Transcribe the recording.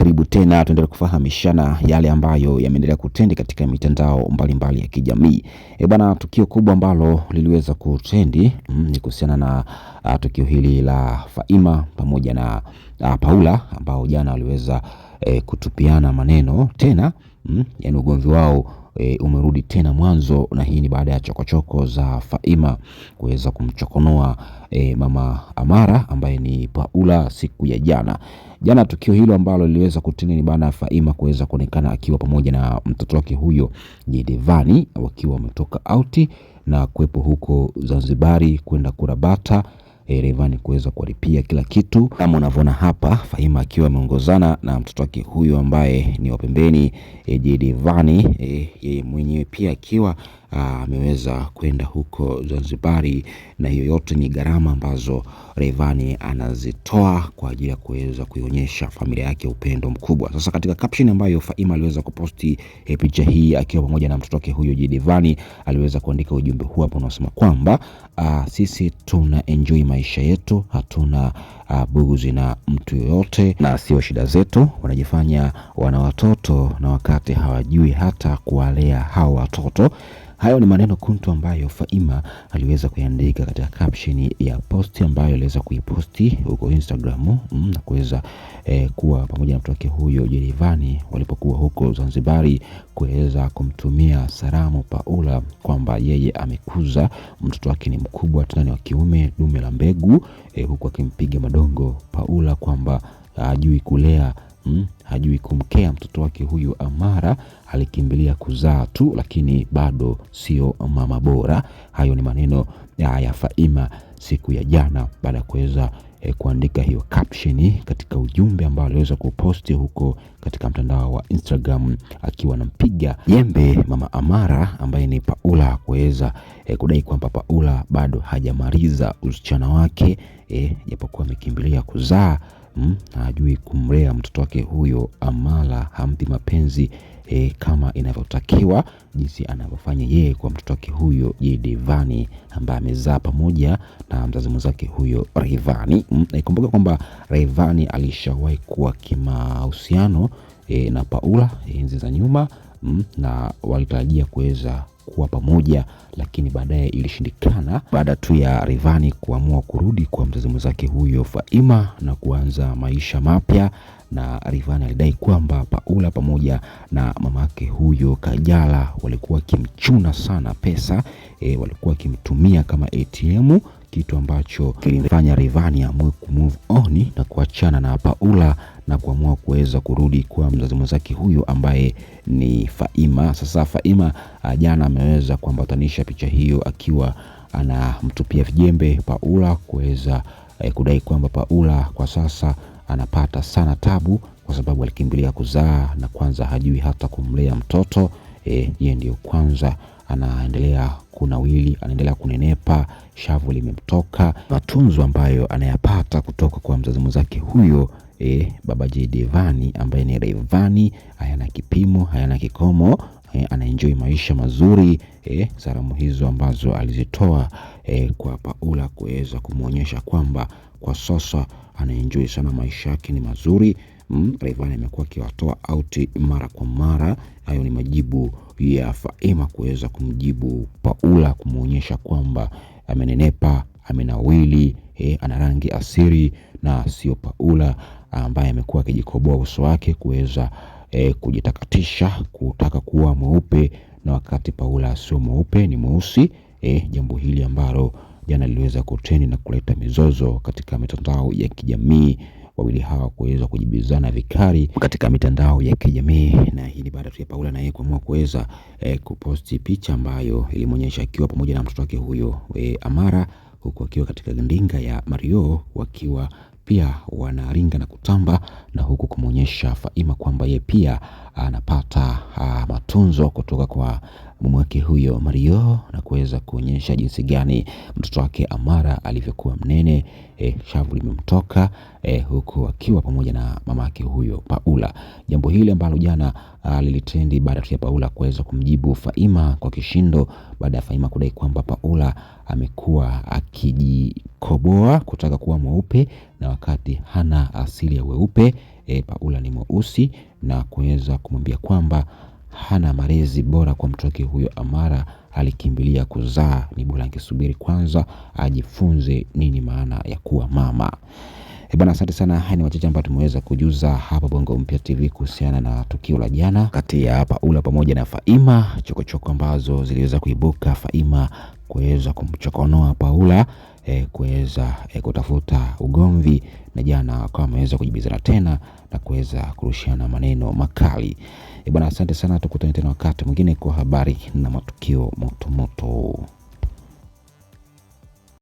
Karibu tena, tuendelee kufahamishana yale ambayo yameendelea kutendi katika mitandao mbalimbali mbali ya kijamii. E bwana, tukio kubwa ambalo liliweza kutendi mm, ni kuhusiana na uh, tukio hili la Faima pamoja na uh, Paula ambao jana waliweza eh, kutupiana maneno tena mm, yaani ugomvi wao e, umerudi tena mwanzo, na hii ni baada ya chokochoko za Faima kuweza kumchokonoa e, mama Amara ambaye ni Paula siku ya jana jana. Tukio hilo ambalo liliweza kutini ni baada ya Faima kuweza kuonekana akiwa pamoja na mtoto wake huyo Jedevani wakiwa wametoka auti na kuwepo huko Zanzibari kwenda kurabata Eh, Rayvanny kuweza kulipia kila kitu. Kama unavyoona hapa, Fahima akiwa ameongozana na mtoto wake huyu ambaye ni wa pembeni eh, Jayden Vanny, eh, yeye mwenyewe pia akiwa Ah, ameweza kwenda huko Zanzibari na hiyo yote ni gharama ambazo Rayvanny anazitoa kwa ajili ya kuweza kuionyesha familia yake upendo mkubwa. Sasa katika caption ambayo Faima aliweza kuposti e, picha hii akiwa pamoja na mtoto wake huyo Jidivani aliweza kuandika ujumbe huu hapo unaosema kwamba uh, sisi tuna enjoy maisha yetu, hatuna uh, buguzi na mtu yoyote, na sio shida zetu. Wanajifanya wana watoto na wakati hawajui hata kuwalea hao watoto Hayo ni maneno kuntu ambayo Faima aliweza kuyaandika katika caption ya posti ambayo aliweza kuiposti huko Instagram mm, na kuweza eh, kuwa pamoja na mtu wake huyo Jerivani walipokuwa huko Zanzibari kuweza kumtumia salamu Paula kwamba yeye amekuza mtoto wake ni mkubwa tena ni wa kiume dume la mbegu eh, huku akimpiga madongo Paula kwamba ajui kulea mm, hajui kumkea mtoto wake huyu Amara alikimbilia kuzaa tu, lakini bado sio mama bora. Hayo ni maneno ya Faima siku ya jana baada ya kuweza eh, kuandika hiyo caption katika ujumbe ambao aliweza kuposti huko katika mtandao wa Instagram akiwa anampiga jembe mama Amara ambaye ni Paula kuweza eh, kudai kwamba Paula bado hajamaliza usichana wake eh, japokuwa amekimbilia kuzaa mm, hajui kumlea mtoto wake huyo, amala hampi mapenzi e, kama inavyotakiwa jinsi anavyofanya yeye kwa mtoto wake huyo Jay ambaye amezaa pamoja na mzazi mwenzake huyo Rayvanny. Mm, kwamba Rayvanny alishawahi kuwa kimahusiano e, na Paula enzi za nyuma mm, na walitarajia kuweza kuwa pamoja, lakini baadaye ilishindikana baada tu ya Rayvanny kuamua kurudi kwa mzazi mwenzake huyo Faima na kuanza maisha mapya na Rayvanny alidai kwamba Paula pamoja na mamake huyo Kajala walikuwa wakimchuna sana pesa e, walikuwa wakimtumia kama ATM, kitu ambacho kilifanya Rayvanny amue kumove on na kuachana na Paula na kuamua kuweza kurudi kwa mzazi mwenzake huyo ambaye ni Faima. Sasa Faima ah, jana ameweza kuambatanisha picha hiyo akiwa anamtupia vijembe Paula kuweza eh, kudai kwamba Paula kwa sasa anapata sana tabu kwa sababu alikimbilia kuzaa na kwanza hajui hata kumlea mtoto eh, yeye eh, ndiyo kwanza anaendelea kunawili, anaendelea kunenepa, shavu limemtoka. Matunzo ambayo anayapata kutoka kwa mzazi mwenzake huyo e, Baba J Devani ambaye ni Rayvanny, hayana kipimo, hayana kikomo e, anaenjoy maisha mazuri e, salamu hizo ambazo alizitoa e, kwa Paula kuweza kumwonyesha kwamba kwa sasa anaenjoy sana maisha yake ni mazuri. Mm, Rayvanny amekuwa akiwatoa auti mara kwa mara. Hayo ni majibu ya Faema kuweza kumjibu Paula kumwonyesha kwamba amenenepa amenawili e, eh, ana rangi asiri na sio Paula ambaye amekuwa akijikoboa uso wake kuweza e, kujitakatisha kutaka kuwa mweupe na wakati Paula sio mweupe ni mweusi e, jambo hili ambalo jana liliweza kuteni na kuleta mizozo katika mitandao ya kijamii wawili hawa kuweza kujibizana vikali katika mitandao ya kijamii na hii ni baada tu ya Paula na yeye kuamua kuweza e, kuposti picha ambayo ilimwonyesha akiwa pamoja na mtoto wake huyo e, Amara huku wakiwa katika ndinga ya Mario wakiwa pia wanaringa na kutamba na huku kumwonyesha Faima kwamba ye pia anapata ah, matunzo kutoka kwa mume wake huyo Mario, na kuweza kuonyesha jinsi gani mtoto wake Amara alivyokuwa mnene, e, shavu limemtoka e, huku akiwa pamoja na mama yake huyo Paula, jambo hili ambalo jana ah, lilitendi baada tu ya Paula kuweza kumjibu Faima kwa kishindo, baada ya Faima kudai kwamba Paula amekuwa akijikoboa kutaka kuwa mweupe na wakati hana asili ya weupe e, Paula ni mweusi na kuweza kumwambia kwamba hana malezi bora kwa mtoto wake huyo. Amara alikimbilia kuzaa, ni bora angesubiri kwanza ajifunze nini maana ya kuwa mama. E asante sana. Haya ni machache ambayo tumeweza kujuza hapa Bongo Mpya TV kuhusiana na tukio la jana kati ya Paula pamoja na Faima, chokochoko ambazo ziliweza kuibuka Faima kuweza kumchokonoa Paula e, kuweza e, kutafuta ugomvi, na jana akawa ameweza kujibizana tena na kuweza kurushiana maneno makali e, bwana. Asante sana, tukutane tena wakati mwingine kwa habari na matukio motomoto.